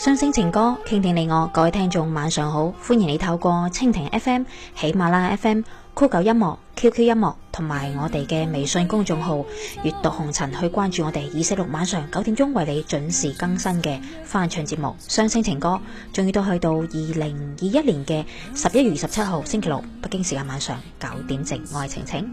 雙星情歌傾聽，聽你我，各位聽眾晚上好，歡迎你透過蜻蜓 FM、喜馬拉雅 FM、酷狗音樂、QQ 音樂同埋我哋嘅微信公眾號閱讀紅塵去關注我哋二四六晚上九點鐘為你準時更新嘅翻唱節目《雙星情歌》，仲要都去到二零二一年嘅十一月二十七號星期六，北京時間晚上九點正，我係晴晴。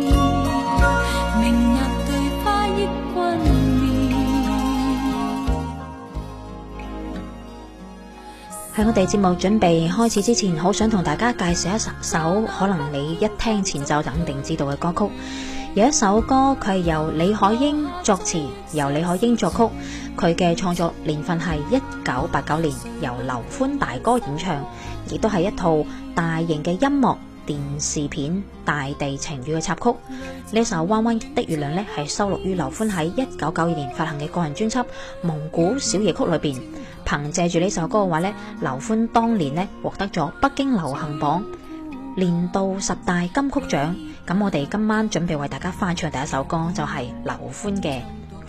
喺我哋節目準備開始之前，好想同大家介紹一首可能你一聽前奏就肯定知道嘅歌曲。有一首歌，佢係由李海鷹作詞，由李海鷹作曲，佢嘅創作年份係一九八九年，由劉歡大哥演唱，亦都係一套大型嘅音樂電視片《大地情語》嘅，插曲呢首《彎彎的月亮》呢，係收錄於劉歡喺一九九二年發行嘅個人專輯《蒙古小夜曲》裏邊。憑借住呢首歌嘅話呢，劉歡當年呢獲得咗北京流行榜年度十大金曲獎。咁我哋今晚準備為大家翻唱第一首歌，就係、是、劉歡嘅。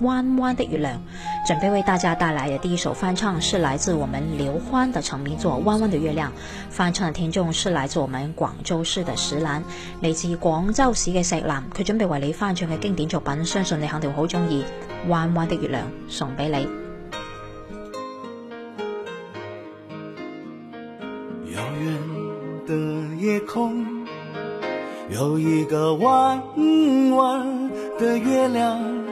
彎彎的月亮，準備為大家帶來的第一首翻唱是來自我們劉歡的成名作《彎彎的月亮》。翻唱的聽眾是來自我們廣州市的石蘭，來自廣州市嘅石蘭，佢準備為你翻唱嘅經典作品，相信你肯定好中意《彎彎的月亮》，送畀你：「遙遠的夜空，有一個彎彎的月亮。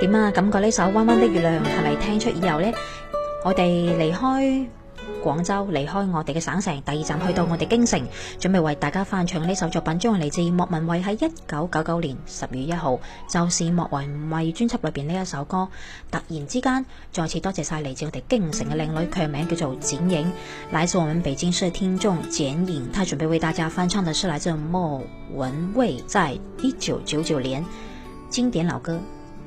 點啊！感覺呢首彎彎的月亮係咪聽出以後呢，我哋離開廣州，離開我哋嘅省城，第二站去到我哋京城，準備為大家翻唱呢首作品，將係嚟自莫文蔚喺一九九九年十月一號，就是莫文蔚專輯裏邊呢一首歌。突然之間，再次多謝晒嚟自我哋京城嘅靚女，佢名叫做剪影，來自我們北京市聽眾剪影，他準備為大家翻唱嘅是來自莫文蔚在一九九九年經典老歌。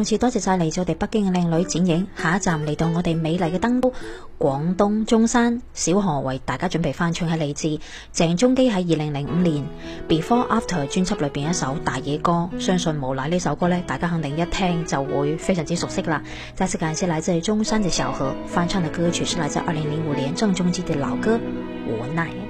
再次多謝晒嚟自我哋北京嘅靚女剪影，下一站嚟到我哋美麗嘅燈都，廣東中山小何為大家準備翻唱嘅嚟自鄭中基喺二零零五年《Before After》專輯裏邊一首大野歌，相信無奈呢首歌咧，大家肯定一聽就會非常之熟悉啦。再次感謝嚟自中山嘅小何翻唱嘅歌曲，是來自二零零五年鄭中基嘅老歌無奈。我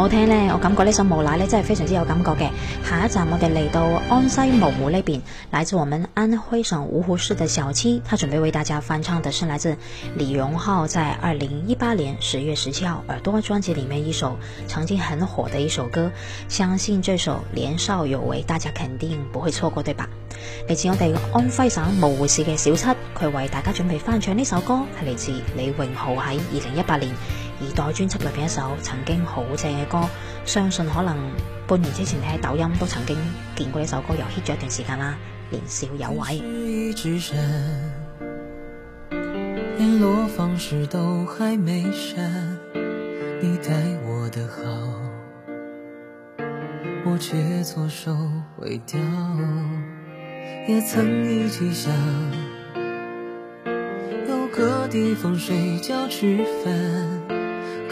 好聽呢，我感覺呢首《無奈》呢真係非常之有感覺嘅。下一站我哋嚟到安徽蕪湖呢邊，來自我們安徽省蕪湖市的小七，他準備為大家翻唱的是，是來自李榮浩在二零一八年十月十七號耳朵專輯裏面一首曾經很火的一首歌。相信這首年少有為，大家肯定不會錯過，對吧？嚟自我哋安徽省蕪湖市嘅小七，佢為大家準備翻唱呢首歌，係嚟自李榮浩喺二零一八年。而代專輯入邊一首曾經好正嘅歌，相信可能半年之前你喺抖音都曾經見過呢首歌，又 hit 咗一段時間啦。年少有為，有一直之身聯絡方式都還沒刪，你待我的好，我卻錯手毀掉，也曾一起想有個地方睡覺吃飯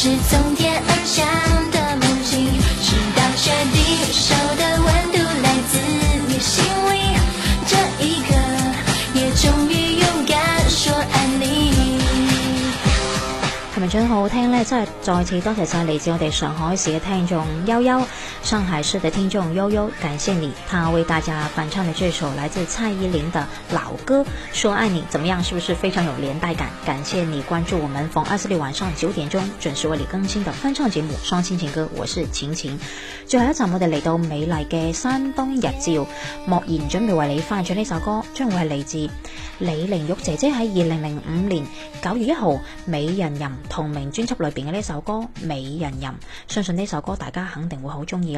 是從天而降的夢境直到確定手的温度來自你心裡這一刻也終於勇敢說愛你係咪這首歌好好聽呢真係再次多謝晒嚟自我哋上海市嘅聽眾悠悠。上海市的聽眾悠悠，感謝你，他為大家翻唱的這首來自蔡依林的老歌《說愛你》，怎麼樣？是不是非常有年代感？感謝你關注我們逢二十六晚上九點鐘準時為你更新的翻唱節目《雙星情歌》，我是晴晴。最後一站我哋嚟到美麗嘅山東日照莫言，準備為你翻唱呢首歌，將會係嚟自李玲玉姐姐喺二零零五年九月一號《美人吟》同名專輯裏邊嘅呢首歌《美人吟》。相信呢首歌大家肯定會好中意。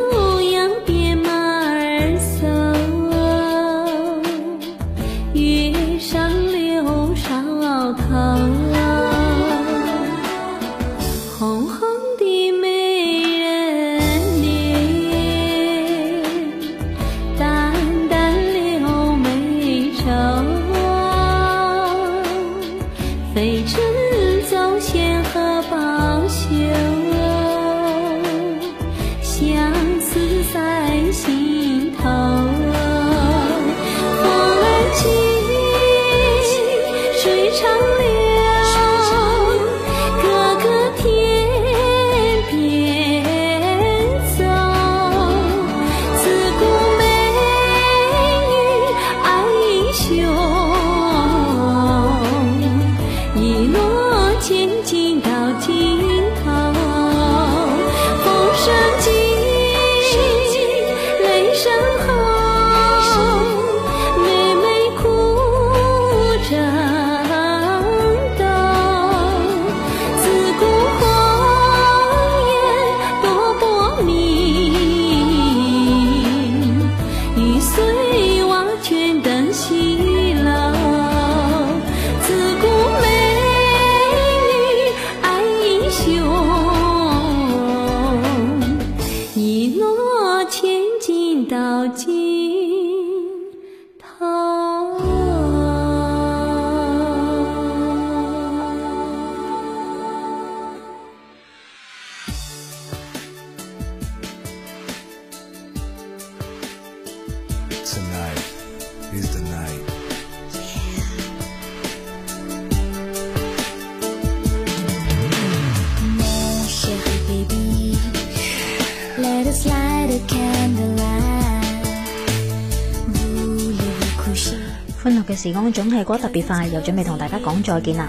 歡樂嘅時光總係過得特別快，又準備同大家講再見啦。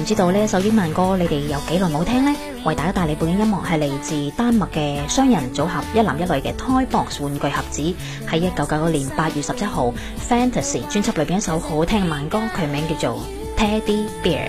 唔知道呢一首英文歌，你哋有幾耐冇聽呢？為大家帶來背景音樂係嚟自丹麥嘅雙人組合一男一女嘅 Toybox 玩具盒子，喺一九九九年八月十一號 Fantasy 專輯裏邊一首好好聽嘅慢歌，佢名叫做 Teddy Bear。